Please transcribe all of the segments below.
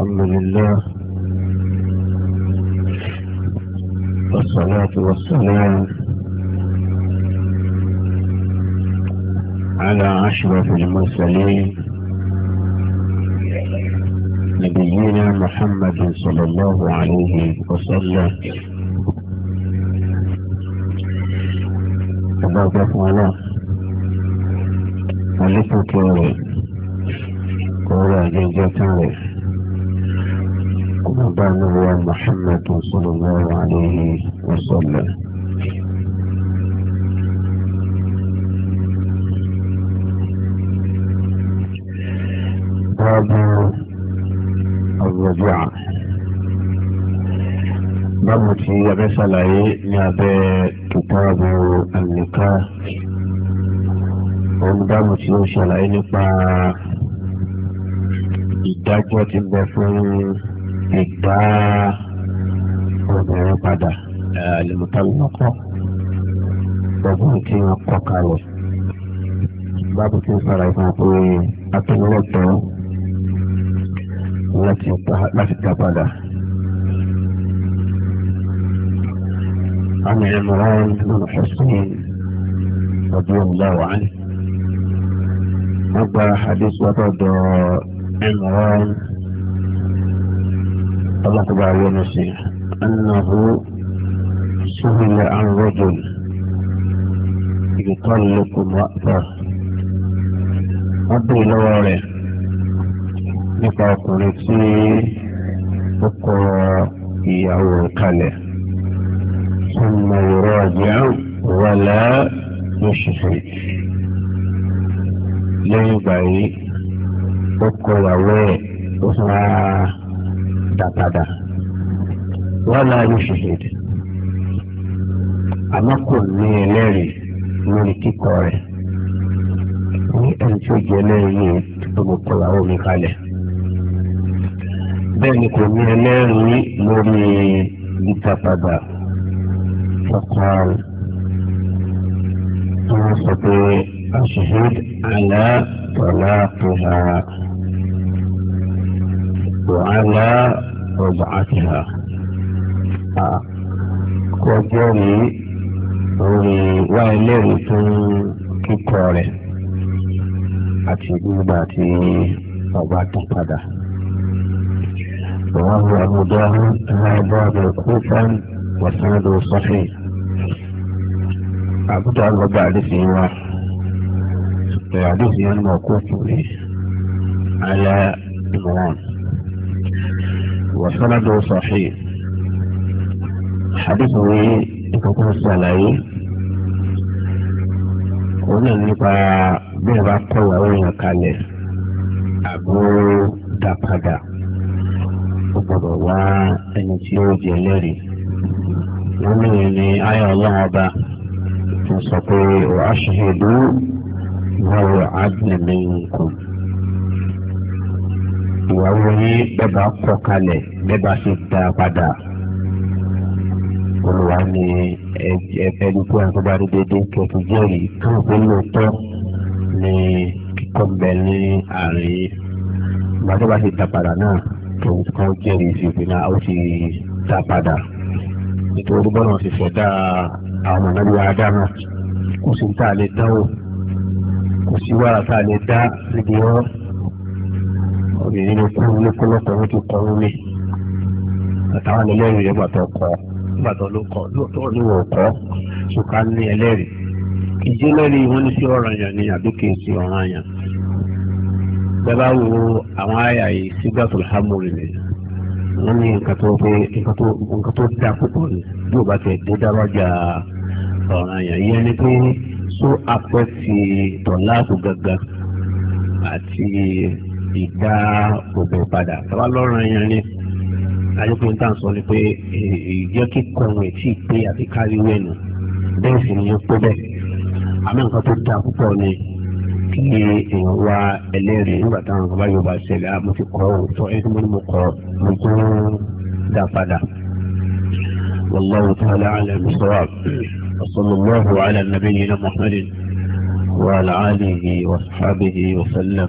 الحمد لله والصلاة والسلام على أشرف المرسلين نبينا محمد صلى الله عليه وسلم تبارك الله عليكم كوري كوري جنجتان قربان هو محمد صلى الله عليه وسلم باب الرجوع باب في رسالة نابع كتاب النكاح òun في رسالة ó ṣàlàyé nípa ìdájọ́ tí bẹ fún ìgbà obìnrin padà àlùmọ́tàlùmọ́kọ ọgbọ́n tí wọ́n kọ́ kalẹ̀ báàbù tí ń sọ̀rọ̀ ìfọ̀n pé akínlọ́tọ̀ láti dá padà. عن عمران بن حسين رضي الله عنه أبا حديث وتد عمران ọlọ́kùnrin àwọn ọ̀sẹ̀ ẹnìyàwó sọ́hìnlẹ̀ àrùnrọ́jò ìgbìkọ́lùkù mọ́tà wọ́n bèèrè lọ́wọ́ rẹ̀ nípa ọkùnrin tí ó kọ ìyàwó kalẹ̀ sọ́nà ìrọ̀ ọ̀jẹ̀ wọlé lóṣìṣẹ́ lẹ́yìn ìgbà yìí ó kọ ìyàwó ẹ̀ ó sọ́nà dá padà wọ́n náà ní ṣèṣèdè àmọ́ kò ní ẹlẹ́rìí lórí kíkọ rẹ̀ ní ẹni tí ó jẹ́ ẹlẹ́rìí yìí tó mo kọ àwọn omi kalẹ̀ bẹ́ẹ̀ ni kò ní ẹlẹ́rìí lórí ìta padà ọkọ wọn sọ pé aṣèṣèd àlá tọ́lá tó ha wàhálà. رجعتها kọjọ́rì orí wá ẹlẹ́rìí fún kíkọ rẹ̀ àti gbígbà tí ọba tó padà. رواه أبو داود هذا موقوفا وسنده صحيح. أبو داود بعد سوى حديث موقوف على عمران وسنده صحيح حديثه تكون السلعي òun náà nípa bí ẹ bá kọ ìyàwó yẹn kalẹ̀ àbó dá padà ó gbọdọ̀ wá ẹni tí ó jẹ lẹ́rìí wọ́n níyẹn ní ayé ọlọ́run ọba tó sọ pé wàá ṣe é dúró ìwọ́n rẹ̀ á dùn mí nǹkan ìwà wọnyí bẹ́ẹ̀bà kọ kalẹ̀ bẹ́ẹ̀bà ṣe dá padà olùwà ni ẹni tí wọn bá rí déédéé kẹfì jẹ́rìí tó ń gbélé tọ́ ní kíkọ́ bẹ ní àárín ìgbàdo bá ṣe dá padà náà tó ń kọ́ jẹ́rìí sí òfin náà ó ti dá padà nítorí bọ́lá wọn ti ṣẹ̀dá àwọn ọ̀nàbí adáná kò sí tá a lè dánwò kò sí wàrà tá a lè dá níbi wọn obìnrin ní fún ilé fọlọ́kùnrin tó kọ́ omi àtàwọn ẹlẹ́rìí yẹn bàtọ̀ kọ́ bàtọ̀ ló kọ́ lóòótọ́ ni wọ́n kọ́ ṣùkà ní ẹlẹ́rìí ìjẹ́ lẹ́rìí wọn ní sí ọ̀ràn yẹn ni àbí kì í sí ọ̀ràn yẹn bẹ́ẹ̀ bá wo àwọn àyà yìí sígbà tó hámúrin ni wọ́n ní nǹkan tó pé nǹkan tó dá púpọ̀ ni bí o bá tẹ̀ dé dáwájà ọ̀ràn yẹn ìyẹn ni pé só apẹ́ ti tọ̀ láàbù gàgà àti fi dá gbogbo padà tọ́wá lọ́rùn yẹn ni ayọ́kùnrin tá à ń sọ ni pé ìjọ kíkọ rẹ̀ sì pé àti káríwé nù bẹ́ẹ̀ sì ni ó pé bẹ́ẹ̀ àmọ́ nǹkan tó dáa púpọ̀ ni kí èèyàn wá ẹlẹ́rìí nígbà táwọn nǹkan bá yóò bá ṣẹlẹ̀ á ah, mo ti kọ́ ọ́ sọ ẹni tí mo ní mo kọ́ mo tó dá padà. والله تعالى أعلم بالصواب وصلى الله على نبينا محمد وعلى آله وأصحابه وسلم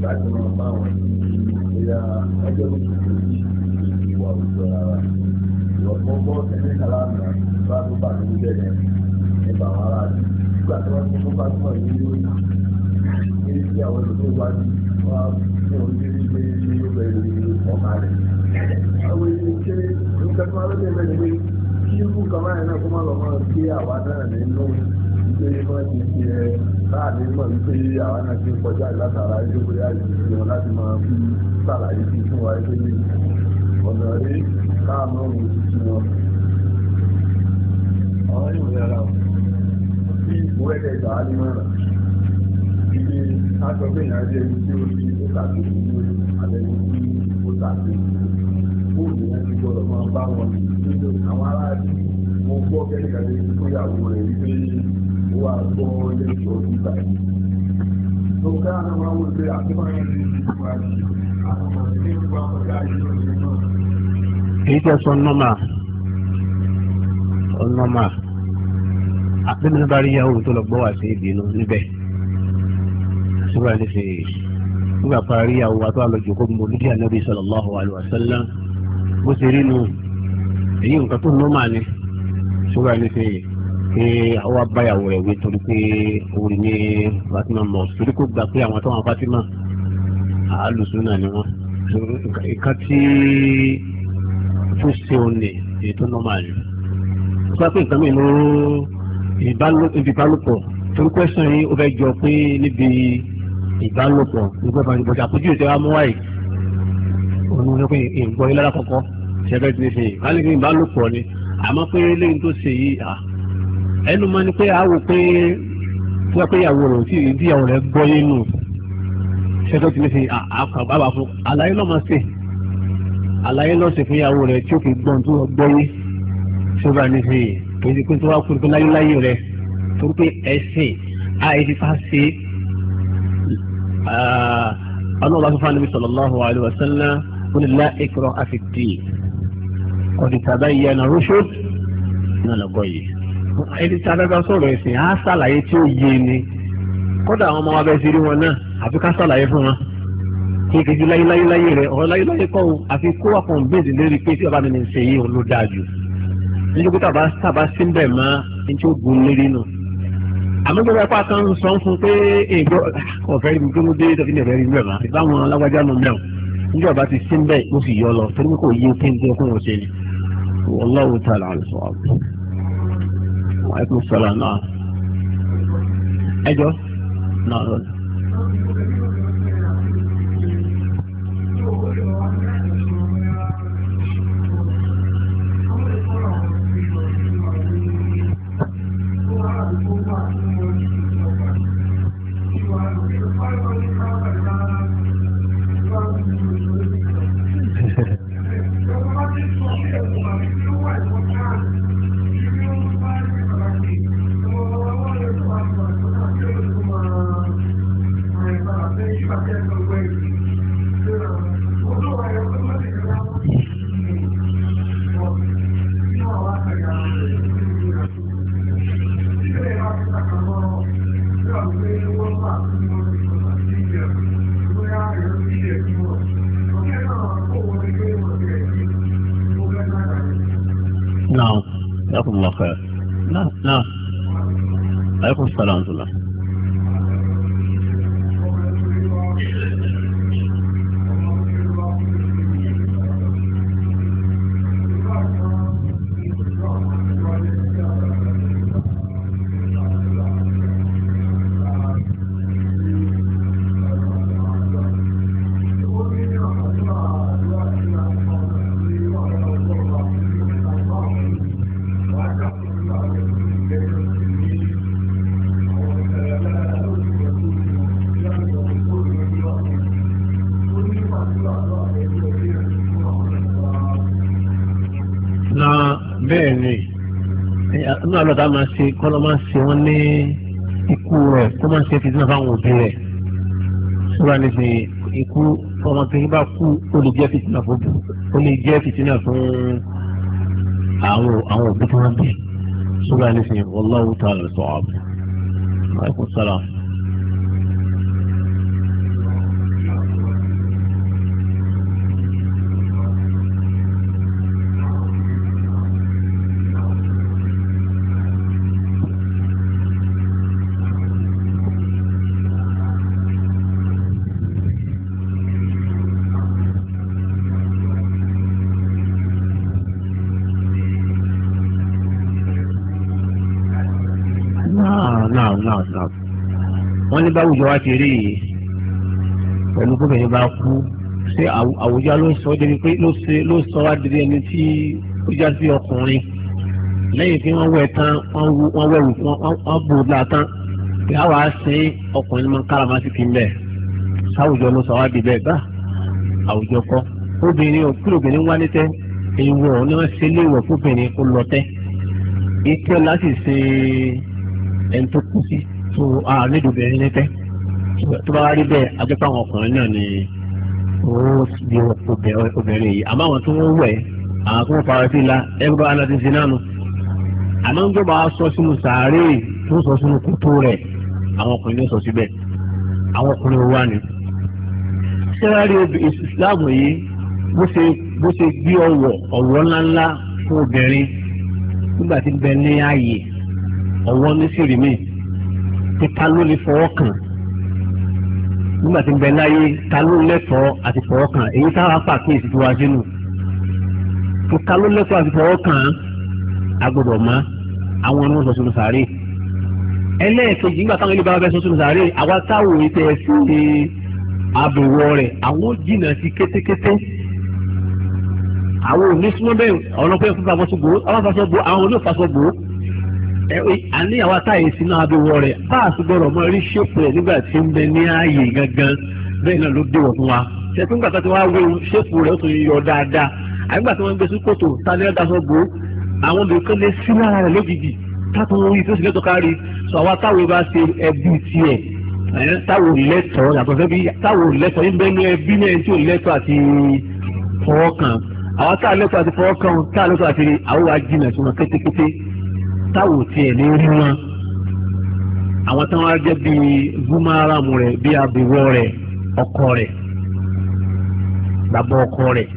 ìbátan náà bá wọn ìlera ọjọ́ méjì ìwà òjò ara ìwọ̀n gbọ́ ẹgbẹ́ kàlámà bá tó bá tó bẹ̀rẹ̀ nípa àwọn ará rẹ̀ nígbà tí wọ́n ti kó bá tó yìí lórí ní ti àwọn ètò ìwádìí wọn ní orílẹ̀-èdè pé ní ó bẹ̀rẹ̀ ní ọ̀gá rẹ̀. àwọn èdè ṣe nǹkan tó máa lọ́dẹ̀ bẹ̀rẹ̀ pé kí irú kàmáyà náà kó má lọ́ máa gbé àwa náà nínú ìgbéyìí máa ti ṣe ẹ̀ káàdì mọ̀ wípé àwọn náà ti ń kọjá látara ìjókòó yá ìdíje wọn láti máa fi sàlàyé sí fún wa pé ní ọ̀nà rí káàmù òun títí wọn. àwọn yóò yára bí ipò ẹ̀dẹ̀ gbà á ní mọ̀ràn ibi agbọ́gbẹ́ yẹn ajé ẹni tí ó fi ó tàbí ìlú àlẹ́ni tí ó tàbí fóònù yẹn ti gbọ́dọ̀ máa bá wọn nínú àwọn aráàlú mo gbọ́ kẹ́kẹ́ وقول الشرطة لو كان الأمر باعتبار èyí tẹ sọ nọmà ọnọmà àpẹẹrẹ bá rí yahoo tó lọ gbọ́ wá sí ìbínú níbẹ̀ síbẹ̀ ní fi nígbà parí yahoo wa tó àlọ́jù kó mo lùdí ànábì sallallahu alaihi wasallam bó ṣe rí nu èyí nǹkan tó nọmà ni síbẹ̀ ní fi pé àwọn abáyàwó rẹ̀ wé torí pé orí ní Fatima mọ̀ torí kò gbà pé àwọn táwọn Fatima alùsùn náà ni wọ́n ìka tí tó ṣe òní èyí tó nọ́mà ni. sọ pé nǹkan mìíràn ìbálòpọ̀ torí pẹ́sàn yìí ó fẹ́ jọ pé níbi ìbálòpọ̀ nígbà bá ń bọ̀jà àpójú ìtẹ́wà mú wáyé òun ló pé ìgbọ́ ilé lára kọ̀kọ́ ṣẹ́fẹ́ ti ṣe ìbálòpọ̀ ni àmọ́ pé lẹ́yìn tó ṣe yìí ẹnu máa ní pé àwò pé wọ́n pé ìyàwó rẹ̀ tí ìdí ìyàwó rẹ̀ gbọ́ yé nù ṣẹ́tọ́ ti ní ṣe àbá fún àlàyé lọ́mọ sí àlàyé lọ́sẹ̀ fún ìyàwó rẹ̀ tí ó fi gbọ́n tó gbọ́ yé tí ó bá ní ṣe kì í ṣe pé tó wá kúrò pé láyéláyé rẹ̀ tó pé ẹ̀sìn àìsí ká ṣe ọlọ́run bá fún fún àlùmí sallallahu alaihi wasallam قل لا إكره في الدين قد تبين رشد من الغي ẹni tí abẹ́ bá sọ̀rọ̀ ẹ̀sìn á ṣàlàyé tí ó yé ni kódà àwọn ọmọ wa bẹ́ẹ̀ ṣe rí wọn náà àfi ká ṣàlàyé fún wọn kéèké ju láyéláyé láyé rẹ ọ̀rọ̀ láyéláyé kọ́ o àfi kó wà kàn bèèrè lérí pé tí bàbá mi ní ṣe yìí òun ló dáa jù nítorí pé tàbá tàbá sí ń bẹ̀ mọ́ ní tí ó gun lérí nù. àmọ́ gbogbo ẹ̀kọ́ àtàn ń sọ fún pé èèbó ọ̀fẹ́ rí mi kí ló dé tàbí ní ọ̀fẹ́ rí mi bẹ̀ mọ́ ìbáwọn alágbájá nù mẹ́wọ̀n níjọ́ bá ti sí ń bẹ̀ sì yọ lọ torí kò yí kéńté fún òṣèlú. Wallahu ta'ala alaikum salaam náà ẹjọ́ náà lọ́dún. جزاكم الله خير لا لا عليكم السلام ورحمة الله náà lọ́dà máa ṣe kọ́nà máa ṣe wọ́n ní ikú rẹ̀ kó máa ṣe fìdí náà fáwọn òbí rẹ̀ ṣọ́ra ní sìn ikú ọmọ tó ń bá kú ó lè jẹ́ fìtínà fún ó lè jẹ́ fìtínà fún àwọn àwọn òbí tó wọ́n bí ṣọ́ra ní sìn wallahu ta'ala sọ̀rọ̀ àbúrò. náà sọ. wọ́n ní báwùjọ wa ti rí yìí pẹ̀lú gómìnà bá kú ṣé àwùjọ ló sọ débi pé ló sọ wá débi ẹni tí ó já sí ọkùnrin lẹ́yìn tí wọ́n wẹ̀ tán wọ́n wẹ̀wù wọ́n bò ó la tán pé àwa ṣe ọkùnrin máa ń kára máa ti fi ń bẹ̀ sáwùjọ ló sọ wá di bẹ́ẹ̀ bá àwùjọ kọ́ obìnrin ò kúrò obìnrin wá ní tẹ́ èèwọ̀ ni wọ́n ṣe léèwọ̀ fóbìnrin kó lọ tẹ́ ìtẹ́ láti ṣe ẹni tó kú sí tó àrídùbẹ̀rin lẹ́tẹ́ tó bá rí bẹ́ẹ̀ ajẹ́pọ̀ àwọn ọkùnrin náà ni wọ́n di obìnrin yìí àmọ́ àwọn tó wọ́n wẹ̀ àwọn tó wọ́n fara sí la ẹgbẹ́ bá aláàdé sí náà nù àmọ́ ń gbọ́dọ̀ sọ sínú sàárè tó sọ sínú kútó rẹ̀ àwọn ọkùnrin ló sọ síbẹ̀ àwọn ọkùnrin wa ni. sẹ́wárí ìsìláàmù yìí bó ṣe gbé ọ̀wọ̀ ọ̀wọ̀ ńláńlá fún obìnrin nígbà tí ń ní ààyè ọwọ́ ní sèrè mi títa ló lè fọwọ́ kàn nígbà tí ń bẹ láyé ta ló lẹ́tọ̀ọ́ àti fọwọ́ kàn èyí táwa pàkíyèsí tó wá sínú títa ló lẹ́tọ̀ọ́ àti fọwọ́ kàn agbọ́dọ̀ má àwọn ọmọ sọ sínú sàárè ẹlẹ́ẹ̀kejì nígbà táwọn ilé bá bẹ sọ sínú sàárè àwa táwọn ètò ẹ̀sìn ní àbẹ̀wò rẹ̀ àwọn jìnnà sí kétékété àwọn ò ní súnmọ́ bẹ́ẹ̀ ọ̀nà pé fún fàfọ́sọ̀gbò àwọn fàfọ́sọ̀gbò àwọn ò ní fàfọ́sọ̀gbò ẹ̀wẹ̀ àníyàwó àtàyè sínú abẹ́wọ̀ rẹ̀ bá a sì gbọ́dọ̀ mọ rí ṣépù rẹ̀ nígbà tí ń bẹ ní ààyè gangan bẹ́ẹ̀ náà ló dé wọ̀ fún wa ṣẹ́tún gbàtà tí wọ́n á wé ṣépù rẹ̀ ó tún yọ dáadáa àgbà tí wọ́n ń gbé sí kòtò tani ẹ̀ daṣọ bò ó àwọn olùkọ́ lè sí lára rẹ̀ lójijì táwọn ohun ìfẹ́ sílẹ̀ tó kárí sọ àwa táwọn bá ṣe ẹbí tiẹ̀ táwọn lẹ́tọ̀ọ́ yàtọ̀ fẹ́ bí táwọn lẹ́tọ̀ọ́ yín bẹ́ẹ̀ ní ẹbí náà tí ò lẹ́tọ̀ọ́ àti fọwọ́ kan àwọn táwọn lẹ́tọ̀ọ́ àti fọwọ́ kan táwọn lẹ́tọ̀ọ́ àti àwọn wa jìnà sí wọn kétékété táwò tiẹ̀ ní rí wọn àwọn táwọn á jẹ́ bíi gúmáràmù rẹ̀ bíi abìwọ́ rẹ̀ ọkọ rẹ̀ bàbá ọkọ rẹ̀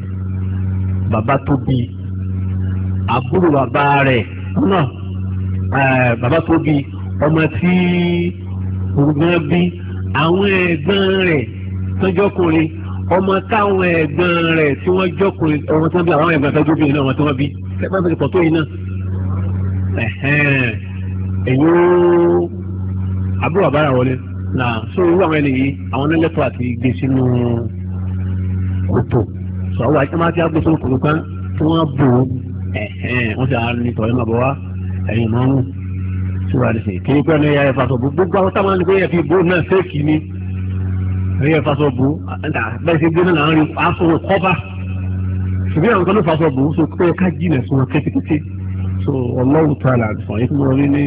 bàbá tó bí àbúrò bàbá rẹ̀ náà eh, bàbá tó bí ọmọ tí ògùn bí àwọn ẹ̀gbọ́n rẹ̀ tó jọkùnrin ọmọ táwọn ẹ̀gbọ́n rẹ̀ tí wọ́n jọkùnrin ọmọ tó bí àwọn ẹ̀gbọ́n tó jọkùnrin náà ọmọ tó wọ́n bí ẹgbẹ́ tó yìí náà èyí ó àbúrò àbára wọlé na so irú àwọn eléyìí àwọn nílẹ̀tọ̀ àti gbé sínú kòtò sọ wà ẹ máa ti àgbé sínú kòtò kan tí wọ́n bò ó wọ́n ti àárín nítorí ẹ̀ máa bọ̀ wá ẹ̀yìn máa ń wù síwájú àti sèé kí pẹ́ẹ́nù ẹ̀yà ẹ̀fà sọ̀bù gbogbo àwọn táwọn ẹni pé ẹ̀fì bò náà fẹ́ẹ̀kì ni ẹ̀yà ẹ̀fà sọ̀bù bẹ́ẹ̀ ṣe gbé náà láàrin aṣọ kọ́fà ṣùgbọ́n àwọn kan ló fà sọ̀bù sọ pé ká jìnà sí wọn kétékété so ọlọ́run ta là sàn yìí mo rí ní.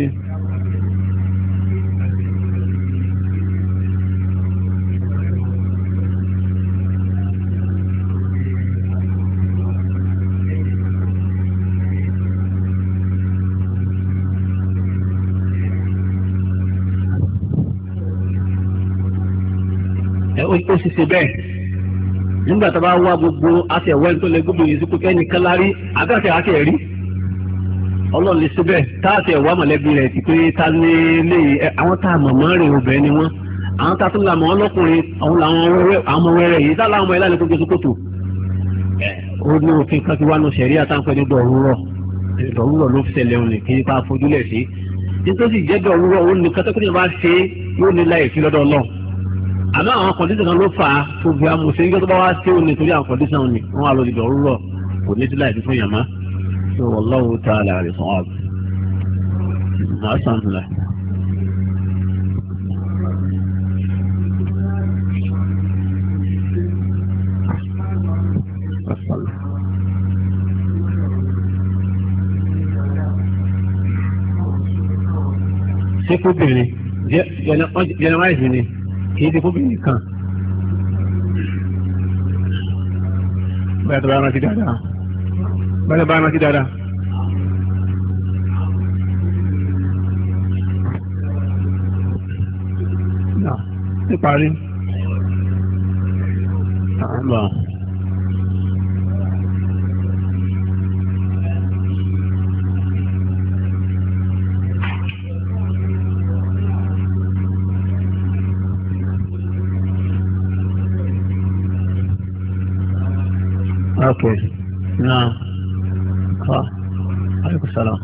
ó sì ṣe bẹ́ẹ̀ nígbà tá a bá wá gbogbo àtẹ̀wẹ́ tó lẹ gbogbo yìí sí kò kẹ́ni kálárí àgbàtẹ̀ àtẹ̀ rí ọlọ́run lè síbẹ̀ táàtì ẹ̀wá mọ̀lẹ́bí rẹ̀ ti pé ta ní ilé àwọn tá a mọ̀ mọ́ rè obìnrin ni wọ́n àwọn tá a tún là mọ́ ọlọ́kùnrin àwọn làwọn ọmọ wẹ́rẹ́ yìí dáhùn àwọn ẹlẹ́ni kó gbèsè kòtò. ó ní òfin kan ti wá nu sẹ̀rí àtàǹpẹ́ ní dọ̀rúrọ̀ dọ̀rúrọ̀ ló ṣẹlẹ̀ òun kí bá fojúlẹ̀ sí. nítorí ìjẹ́ dọ̀rúrọ̀ òun ní láì àmọ́ àwọn kọ̀ndíṣàn kan ló fà á tó fi amúṣe nígbà tó bá wá ṣe òun nítorí àwọn kọ̀ndíṣàn òun ni wọ́n á lọ kò ní sí láì fi fún yàmá. هو الله تعالى عليه صعب ما أسأل له سيكون بيني جنوائز بيني هيدي فو بيني كان بيعتبارنا في دهدها bẹ́ẹ̀ bá rántí dáadáa. níparí àmà Okay. Now. السلام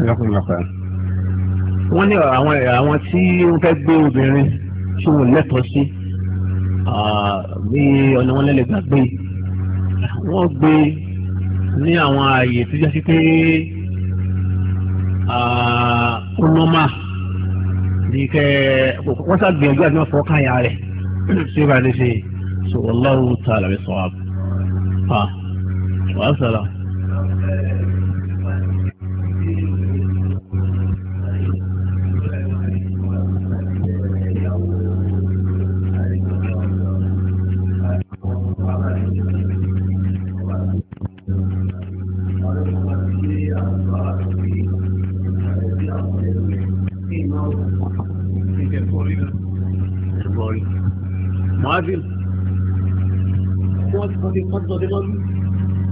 جزاكم wọ́n ní àwọn àwọn tí wọ́n fẹ́ gbé obìnrin tí wọ́n lẹ́tọ̀ọ́ sí bí ọ̀nà wọn lẹ́lẹ̀ gbàgbé wọ́n gbé ní àwọn ààyè tó jẹ́ sí pé ó nọ́mà bí kẹ́ wọ́n ṣàgbìyànjú àti wọ́n fọ́ káyà rẹ̀ ṣé bá ní ṣe sọ̀rọ̀ lọ́rùn tá a sọ̀rọ̀ wàá wọ́n ti sọ dé lọ́dún.